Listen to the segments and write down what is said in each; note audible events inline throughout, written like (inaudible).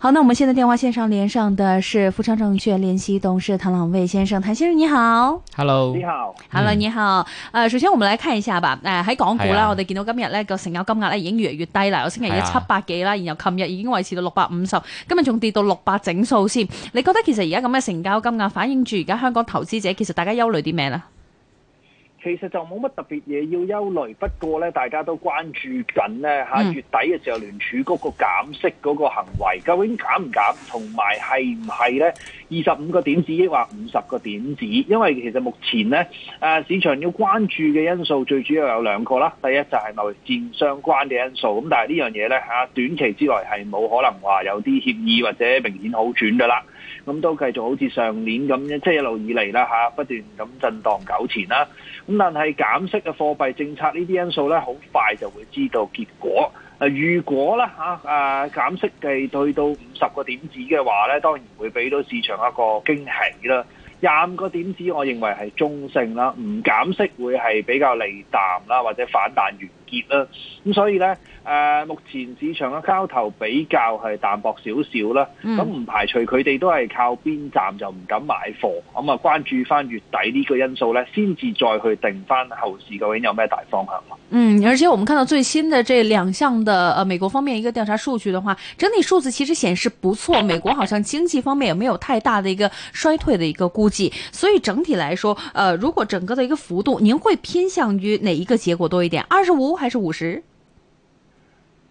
好，那我們現在電話線上連上的是富昌證券聯席董事譚朗蔚先生，譚先生你好，Hello，你好，Hello，你好，啊、嗯呃，首先我們嚟看一下吧，誒、呃、喺港股啦，yeah. 我哋見到今日咧個成交金額咧已經越嚟越低啦，我星期一七百幾啦，yeah. 然後琴日已經維持到六百五十，今日仲跌到六百整數先，你覺得其實而家咁嘅成交金額反映住而家香港投資者其實大家憂慮啲咩呢？其實就冇乜特別嘢要憂慮，不過咧大家都關注緊咧嚇月底嘅時候聯儲局個減息嗰個行為究竟減唔減，同埋係唔係咧二十五個點子抑或五十個點子？因為其實目前咧、啊、市場要關注嘅因素最主要有兩個啦，第一就係貿易戰相關嘅因素，咁但係呢樣嘢咧嚇短期之內係冇可能話有啲協議或者明顯好轉噶啦，咁都繼續好似上年咁樣即係一路以嚟啦、啊、不斷咁震盪糾纏啦，咁。但係減息嘅貨幣政策呢啲因素咧，好快就會知道結果。果啊，如果咧嚇誒減息計對到五十個點子嘅話咧，當然會俾到市場一個驚喜啦。廿五個點子，我認為係中性啦，唔減息會係比較利淡啦，或者反彈完結啦。咁所以咧。呃、目前市場嘅交投比較係淡薄少少啦，咁、嗯、唔排除佢哋都係靠邊站就唔敢買貨，咁啊關注返月底呢個因素呢，先至再去定返後市究竟有咩大方向。嗯，而且我們看到最新的這兩項的呃美國方面一個調查數據的話，整體數字其實顯示不錯，美國好像經濟方面也沒有太大的一個衰退嘅一個估計，所以整體來說，呃，如果整個嘅一個幅度，您會偏向於哪一個結果多一點？二十五還是五十？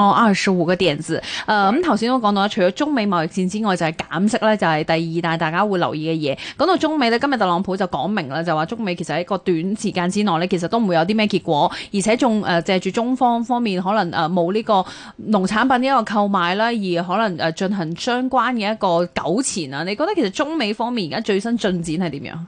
哦，二十五個點子。誒、呃，咁頭先都講到啦，除咗中美貿易戰之外，就係、是、減息咧，就係第二大大家會留意嘅嘢。講到中美咧，今日特朗普就講明啦，就話中美其實喺個短時間之內咧，其實都唔會有啲咩結果，而且仲誒借住中方方面可能誒冇呢個農產品呢個購買啦，而可能誒進行相關嘅一個糾纏啊。你覺得其實中美方面而家最新進展係點樣？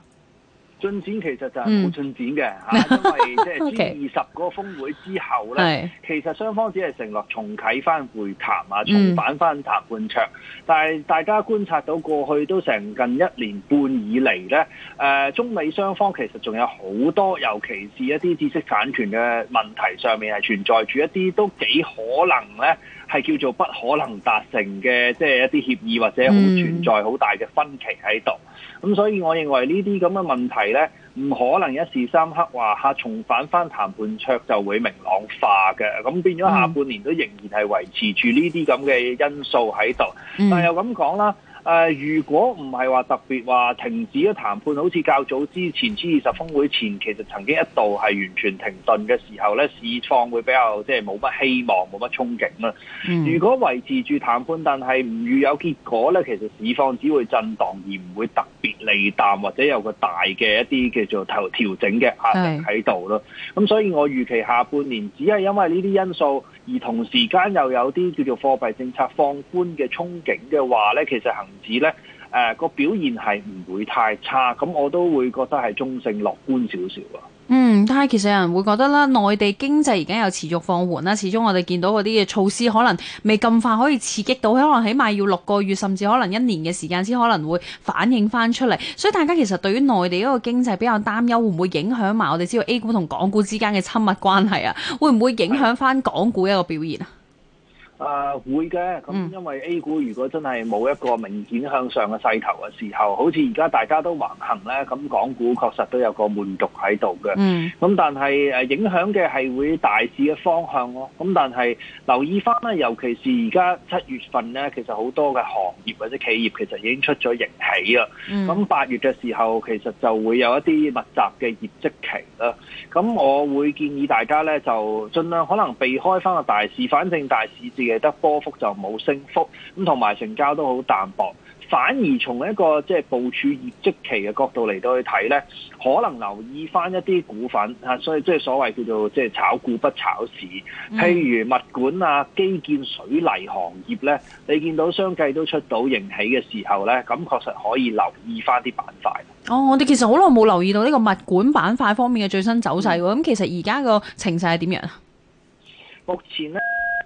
進展其實就係冇進展嘅嚇、嗯啊，因為即係 G 二十個峰會之後咧， (laughs) okay, 其實雙方只係承諾重啟翻會談啊，重返翻談判桌。但係大家觀察到過去都成近一年半以嚟咧，誒、呃、中美雙方其實仲有好多，尤其是一啲知識產權嘅問題上面係存在住一啲都幾可能咧。係叫做不可能達成嘅，即、就、係、是、一啲協議或者唔存在好大嘅分歧喺度。咁、嗯、所以，我認為呢啲咁嘅問題咧，唔可能一時三刻話下重返翻談判桌就會明朗化嘅。咁變咗下半年都仍然係維持住呢啲咁嘅因素喺度、嗯。但又咁講啦。誒、呃，如果唔係話特別話停止咗談判，好似較早之前之二十峰會前，其實曾經一度係完全停頓嘅時候咧，市況會比較即係冇乜希望、冇乜憧憬啦、嗯。如果維持住談判，但係唔預有結果咧，其實市況只會震盪而唔會特別利淡，或者有個大嘅一啲叫做調調整嘅壓力喺度咯。咁、嗯、所以，我預期下半年只係因為呢啲因素。而同時間又有啲叫做貨幣政策放寬嘅憧憬嘅話咧，其實恒指咧，誒、個表現係唔會太差，咁我都會覺得係中性樂觀少少啊。嗯，但係其實有人會覺得啦，內地經濟而家又持續放緩啦。始終我哋見到嗰啲嘅措施可能未咁快可以刺激到，可能起碼要六個月甚至可能一年嘅時間先可能會反映翻出嚟。所以大家其實對於內地嗰個經濟比較擔憂，會唔會影響埋我哋知道 A 股同港股之間嘅親密關係啊？會唔會影響翻港股一個表現啊？啊，會嘅。咁因為 A 股如果真係冇一個明顯向上嘅勢頭嘅時候，好似而家大家都橫行咧，咁港股確實都有個悶局喺度嘅。咁但係影響嘅係會大市嘅方向咯。咁但係留意翻咧，尤其是而家七月份咧，其實好多嘅行業或者企業其實已經出咗盈喜啦。咁八月嘅時候其實就會有一啲密集嘅業績期啦。咁我會建議大家咧就儘量可能避開翻個大市，反正大市嘅。得波幅就冇升幅，咁同埋成交都好淡薄，反而從一個即係部署業績期嘅角度嚟到去睇咧，可能留意翻一啲股份吓，所以即係所謂叫做即係炒股不炒市，譬如物管啊、基建、水泥行業咧，你見到相繼都出到盈喜嘅時候咧，咁確實可以留意翻啲板塊。哦，我哋其實好耐冇留意到呢個物管板塊方面嘅最新走勢，咁、嗯、其實而家個情勢係點樣啊？目前咧。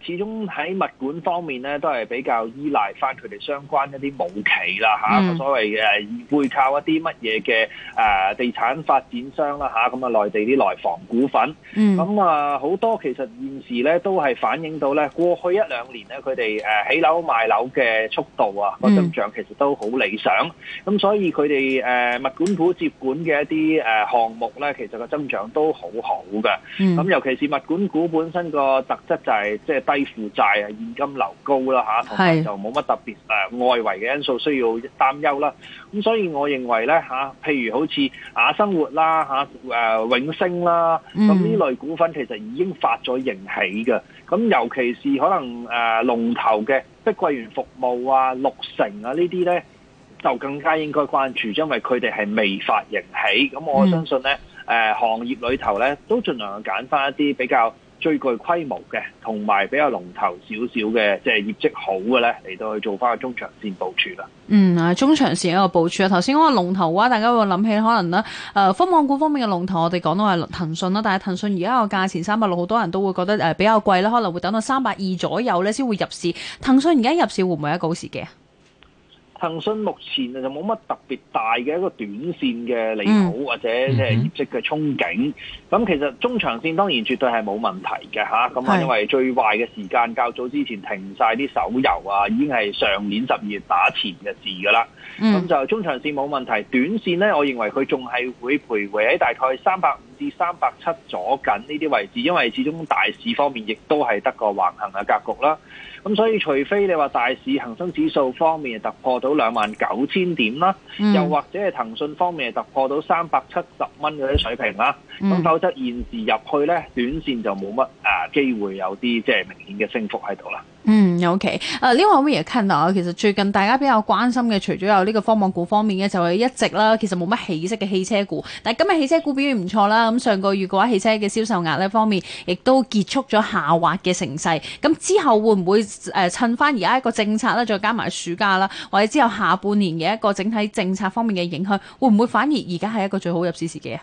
始終喺物管方面咧，都係比較依賴翻佢哋相關一啲母企啦、mm. 所謂誒會靠一啲乜嘢嘅誒地產發展商啦嚇。咁啊，內地啲內房股份，咁啊好多其實現時咧都係反映到咧過去一兩年咧佢哋誒起樓賣樓嘅速度啊，個增長其實都好理想。咁、mm. 所以佢哋誒物管股接管嘅一啲誒項目咧，其實個增長都好好嘅。咁、mm. 尤其是物管股本身個特質就係即係低。負債啊，現金流高啦，吓，同埋就冇乜特別誒外圍嘅因素需要擔憂啦。咁所以我認為咧，吓，譬如好似雅生活啦，吓、啊，誒永升啦，咁、嗯、呢類股份其實已經發咗盈喜嘅。咁尤其是可能誒龍頭嘅碧桂園服務啊、綠城啊呢啲咧，就更加應該關注，因為佢哋係未發盈喜。咁我相信咧，誒、嗯、行業裏頭咧都盡量揀翻一啲比較。最具規模嘅，同埋比較龍頭少少嘅，即係業績好嘅呢，嚟到去做翻個中長線部署啦。嗯，啊，中長線一個部署，啊。頭先講個龍頭嘅話，大家會諗起可能呢誒，科技股方面嘅龍頭，我哋講到係騰訊啦。但係騰訊而家個價錢三百六，好多人都會覺得誒比較貴啦，可能會等到三百二左右呢先會入市。騰訊而家入市會唔會係一個好時機？騰訊目前就冇乜特別大嘅一個短線嘅利好或者即係業績嘅憧憬，咁其實中長線當然絕對係冇問題嘅吓，咁啊因為最壞嘅時間較早之前停晒啲手遊啊，已經係上年十二月打前嘅事㗎喇。咁就中長線冇問題，短線咧，我認為佢仲係會徘徊喺大概三百五至三百七左近呢啲位置，因為始終大市方面亦都係得個橫行嘅格局啦。咁所以除非你話大市恒生指數方面突破到兩萬九千點啦，嗯、又或者係騰訊方面突破到三百七十蚊嗰啲水平啦，咁否則現時入去咧，短線就冇乜。啊，機會有啲即係明顯嘅升幅喺度啦。嗯，OK。誒，另外 v a n i e 啊，其實最近大家比較關心嘅，除咗有呢個科網股方面嘅，就係、是、一直啦。其實冇乜起色嘅汽車股，但係今日汽車股表現唔錯啦。咁上個月嘅話，汽車嘅銷售額呢方面，亦都結束咗下滑嘅成勢。咁之後會唔會誒、呃、趁翻而家一個政策咧，再加埋暑假啦，或者之後下半年嘅一個整體政策方面嘅影響，會唔會反而而家係一個最好入市時機啊？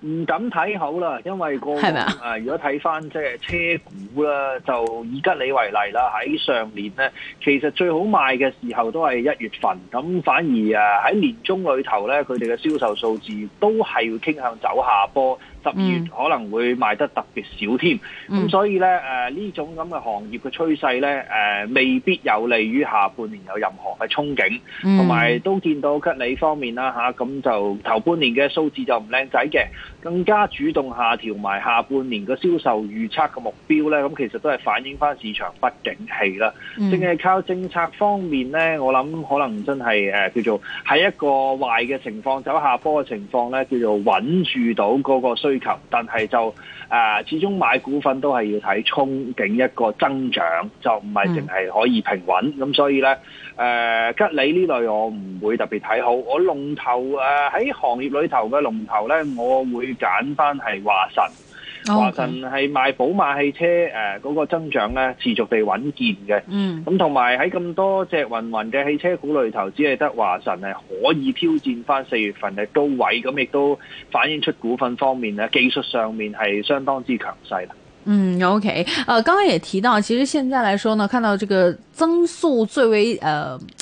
唔敢睇好啦，因為個誒如果睇翻即係車股啦，就以吉利為例啦，喺上年咧，其實最好賣嘅時候都係一月份，咁反而誒喺年中裏頭咧，佢哋嘅銷售數字都係要傾向走下坡。十、嗯、二月可能會賣得特別少添，咁、嗯、所以咧誒呢、呃、這種咁嘅行業嘅趨勢咧誒未必有利於下半年有任何嘅憧憬，同、嗯、埋都見到吉利方面啦嚇，咁、啊、就頭半年嘅數字就唔靚仔嘅，更加主動下調埋下半年個銷售預測嘅目標咧，咁、嗯、其實都係反映翻市場不景氣啦。淨、嗯、係靠政策方面咧，我諗可能真係誒、呃、叫做喺一個壞嘅情況走下坡嘅情況咧，叫做穩住到嗰個需。但係就誒、啊，始終買股份都係要睇憧憬一個增長，就唔係淨係可以平穩。咁所以呢，誒、啊、吉利呢類我唔會特別睇好。我龍頭誒喺、啊、行業裏頭嘅龍頭呢，我會揀翻係華晨。華晨係賣寶馬汽車，誒嗰個增長咧持續地穩健嘅。嗯，咁同埋喺咁多隻芸芸嘅汽車股裏頭，只係得華晨係可以挑戰翻四月份嘅高位，咁亦都反映出股份方面咧技術上面係相當之強勢啦。嗯，OK，誒、呃，剛剛也提到，其實現在來說呢，看到這個增速最為誒。呃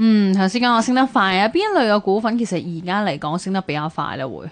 嗯，頭先講我升得快啊，邊類嘅股份其實而家嚟講升得比較快咧？會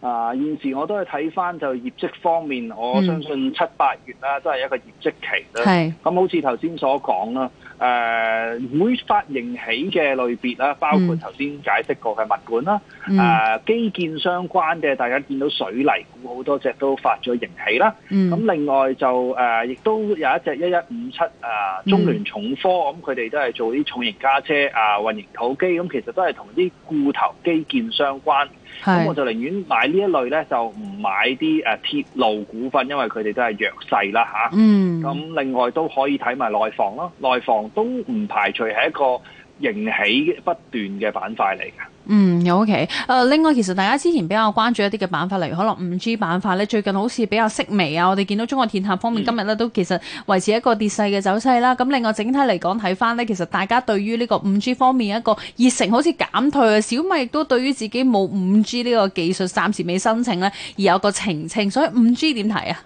啊，現時我都係睇翻就業績方面，我相信七、嗯、七八月啦都係一個業績期啦。係，咁好似頭先所講啦。唔、啊、會發盈喜嘅類別啦，包括頭先解釋過嘅物管啦，誒、mm. 啊、基建相關嘅，大家見到水泥股好多隻都發咗盈喜啦。咁、mm. 啊、另外就誒亦、啊、都有一隻一一五七啊，中聯重科，咁佢哋都係做啲重型家車啊、運營土機，咁、啊、其實都係同啲固投基建相關。咁我就寧願買呢一類咧，就唔買啲誒、啊、鐵路股份，因為佢哋都係弱勢啦嚇、啊 mm. 咁另外都可以睇埋內房咯，內房都唔排除係一個迎起不斷嘅板塊嚟嘅。嗯，OK。誒，另外其實大家之前比較關注一啲嘅板塊，例如可能 5G 板塊咧，最近好似比較式微啊。我哋見到中國電信方面今日咧都其實維持一個跌勢嘅走勢啦。咁、嗯、另外整體嚟講，睇返咧，其實大家對於呢個 5G 方面一個熱誠好似減退啊。小米亦都對於自己冇 5G 呢個技術，暫時未申請咧，而有個澄清。所以 5G 點睇啊？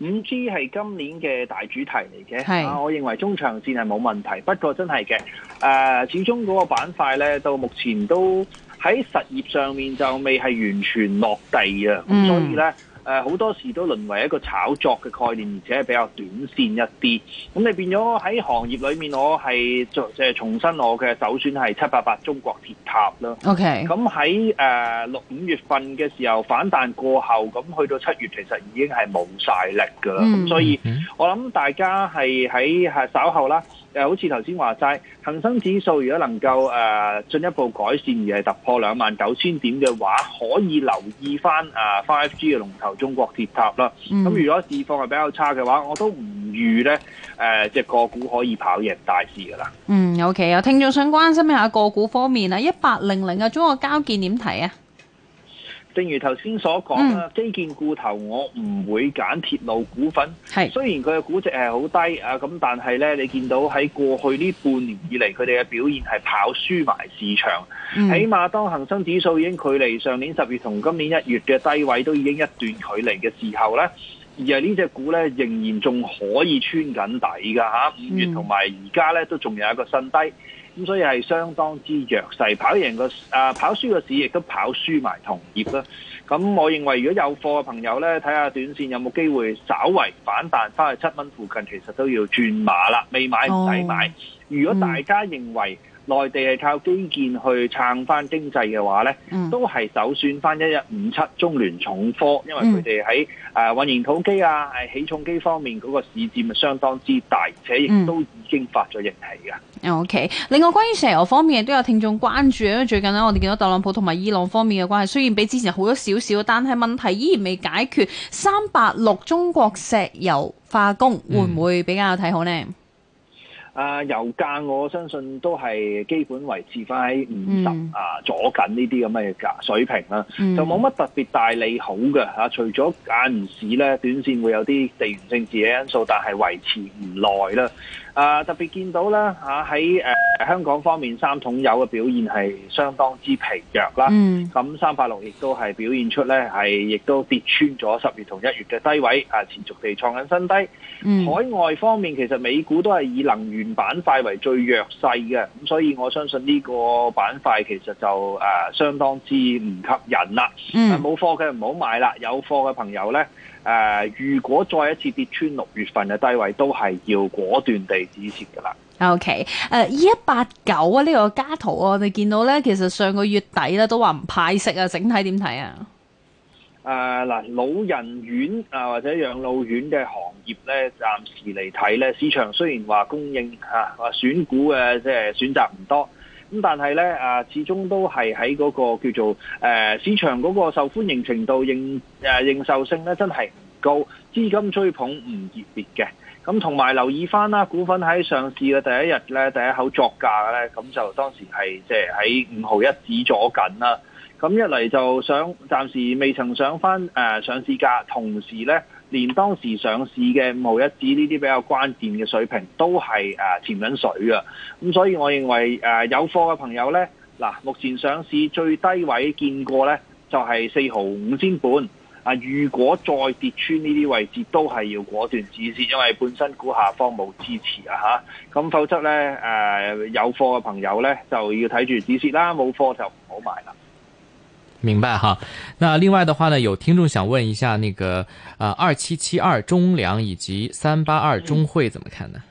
五 G 係今年嘅大主題嚟嘅。啊，我認為中長線係冇問題，不過真係嘅，誒，始終嗰個板塊咧，到目前都喺實業上面就未係完全落地啊，咁所以咧。誒，好多時都淪為一個炒作嘅概念，而且係比較短線一啲。咁你變咗喺行業裏面，我係即係重新我嘅首選係七八八中國鐵塔啦。OK，咁喺誒六五月份嘅時候反彈過後，咁去到七月其實已經係冇晒力噶啦。咁、mm -hmm. 所以，我諗大家係喺稍後啦。好似頭先話晒，恒生指數如果能夠誒、呃、進一步改善而係突破兩萬九千點嘅話，可以留意翻啊 Five G 嘅龍頭中國鐵塔啦。咁、嗯、如果市況係比較差嘅話，我都唔預呢誒，即、呃、係個股可以跑贏大市㗎啦。嗯，OK 啊，聽眾想關心一下個股方面啊，一八零零嘅中國交建點睇啊？正如頭先所講啦，嗯，基建股頭我唔會揀鐵路股份，雖然佢嘅估值係好低啊，咁但係呢，你見到喺過去呢半年以嚟，佢哋嘅表現係跑輸埋市場。嗯，起碼當恒生指數已經距離上年十月同今年一月嘅低位都已經一段距離嘅時候呢，而係呢隻股呢，仍然仲可以穿緊底㗎，啊，五月同埋而家呢，都仲有一個新低。咁所以係相當之弱勢，跑贏個、啊、跑輸個市，亦都跑輸埋同業啦。咁我認為如果有貨嘅朋友咧，睇下短線有冇機會稍為反彈翻去七蚊附近，其實都要轉馬啦。未買唔使買。買 oh. 如果大家認為，內地係靠基建去撐翻經濟嘅話呢、嗯、都係首選翻一一五七中聯重科，因為佢哋喺誒運營土機啊、嗯、起重機方面嗰、那個市佔係相當之大，而且亦都已經發咗盈喜嘅。O、嗯、K。Okay, 另外，關於石油方面亦都有聽眾關注，因為最近呢，我哋見到特朗普同埋伊朗方面嘅關係，雖然比之前好咗少少，但係問題依然未解決。三八六中國石油化工、嗯、會唔會比較睇好呢？啊，油價我相信都係基本維持翻喺五十啊左近呢啲咁嘅價，水平啦、嗯，就冇乜特別大利好嘅、啊、除咗眼市咧，短線會有啲地緣政治嘅因素，但係維持唔耐啦。啊，特別見到啦喺、啊香港方面三桶油嘅表現係相當之疲弱啦，咁三八六亦都係表現出咧係亦都跌穿咗十月同一月嘅低位，啊持續地創緊新低、嗯。海外方面其實美股都係以能源板塊為最弱勢嘅，咁所以我相信呢個板塊其實就、啊、相當之唔吸引啦。冇貨嘅唔好買啦，有貨嘅朋友咧、啊、如果再一次跌穿六月份嘅低位，都係要果斷地止蝕㗎啦。O K，誒，二一八九啊，呢、這個加圖啊，我哋見到咧，其實上個月底咧都話唔派息啊，整體點睇啊？誒，嗱，老人院啊、uh, 或者養老院嘅行業咧，暫時嚟睇咧，市場雖然話供應吓，uh, 選股嘅即係選擇唔多，咁但係咧、uh, 始終都係喺嗰個叫做誒、uh, 市場嗰個受歡迎程度認，應、uh, 認受性咧，真係。高資金追捧唔熱烈嘅，咁同埋留意翻啦，股份喺上市嘅第一日咧，第一口作價咧，咁就當時係即係喺五毫一指咗緊啦。咁一嚟就想暫時未曾上翻誒上市價，同時咧連當時上市嘅五毫一指呢啲比較關鍵嘅水平都係誒潛緊水啊。咁所以我認為誒有貨嘅朋友咧，嗱目前上市最低位見過咧，就係四毫五千本。啊！如果再跌穿呢啲位置，都係要果斷止蝕，因為本身股下方冇支持啊！吓、啊，咁否則呢，誒、呃，有貨嘅朋友呢，就要睇住止蝕啦，冇貨就唔好買啦。明白哈。那另外的話呢，有聽眾想問一下，那個啊二七七二中糧以及三八二中匯怎麼看呢？嗯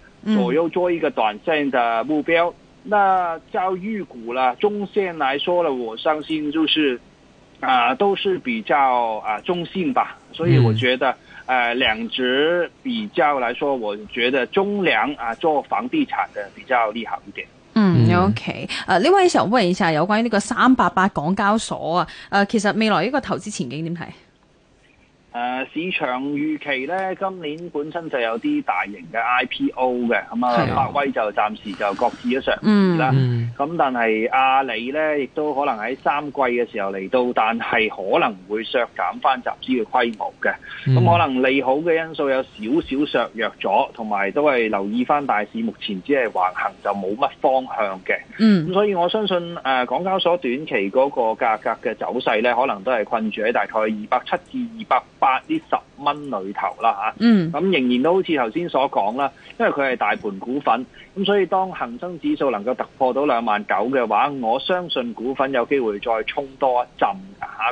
左右做一個短線的目標，那照預估啦，中線來說呢，我相信就是，啊、呃，都是比較啊、呃、中性吧，所以我覺得，誒、嗯，兩、呃、隻比較來說，我覺得中糧啊做房地產的比較利好一點嗯，嗯，OK，誒、呃，呢位想問一下，有關於呢個三八八港交所啊，誒、呃，其實未來呢個投資前景點睇？誒、uh, 市場預期咧，今年本身就有啲大型嘅 IPO 嘅，咁啊百威就暫時就擱置咗上邊啦。咁、嗯嗯、但係阿里咧，亦、啊、都可能喺三季嘅時候嚟到，但係可能會削減翻集資嘅規模嘅。咁、嗯、可能利好嘅因素有少少削弱咗，同埋都係留意翻大市，目前只係橫行就冇乜方向嘅。咁、嗯、所以我相信誒、呃、港交所短期嗰個價格嘅走勢咧，可能都係困住喺大概二百七至二百八啲十蚊裏頭啦吓，嗯，咁 (noise) 仍然都好似頭先所講啦，因為佢係大盤股份，咁所以當恒生指數能夠突破到兩萬九嘅話，我相信股份有機會再衝多一陣。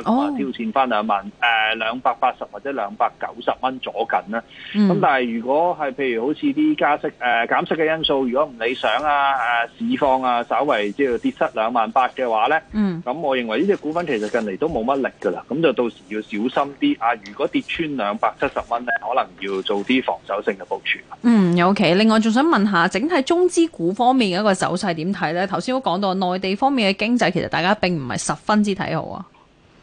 咁、哦、啊、嗯，挑戰翻兩萬誒兩百八十或者兩百九十蚊左近啦。咁、嗯、但係如果係譬如好似啲加息誒、呃、減息嘅因素，如果唔理想啊，市況啊，稍為即係跌失兩萬八嘅話咧，咁、嗯、我認為呢隻股份其實近嚟都冇乜力噶啦。咁就到時要小心啲啊。如果跌穿兩百七十蚊咧，可能要做啲防守性嘅部署。嗯，OK。另外仲想問下，整體中資股方面嘅一個走勢點睇咧？頭先都講到內地方面嘅經濟，其實大家並唔係十分之睇好啊。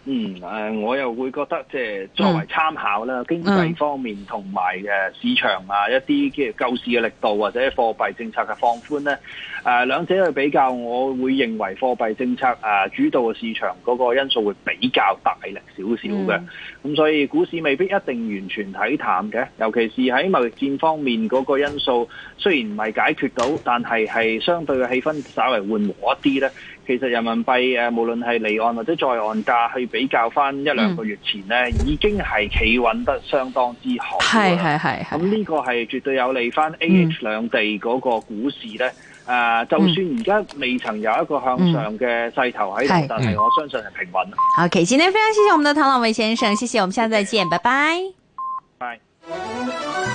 嗯，我又會覺得即係作為參考啦、嗯，經濟方面同埋市場啊，一啲即救市嘅力度或者貨幣政策嘅放寬咧，誒、啊、兩者去比較，我會認為貨幣政策、啊、主導嘅市場嗰個因素會比較大力少少嘅，咁、嗯、所以股市未必一定完全睇淡嘅，尤其是喺貿易戰方面嗰個因素雖然唔係解決到，但係係相對嘅氣氛稍為緩和一啲咧。其實人民幣誒，無論係離岸或者在岸價，去比較翻一兩個月前呢已經係企穩得相當之好。係係係。咁呢、這個係絕對有利翻 A H 兩地嗰個股市呢誒、嗯啊，就算而家未曾有一個向上嘅勢頭喺度、嗯，但係我相信係平穩。好，其實呢，okay, 非常感謝，謝我們的譚朗蔚先生，謝謝，我們下次再見，拜拜。拜。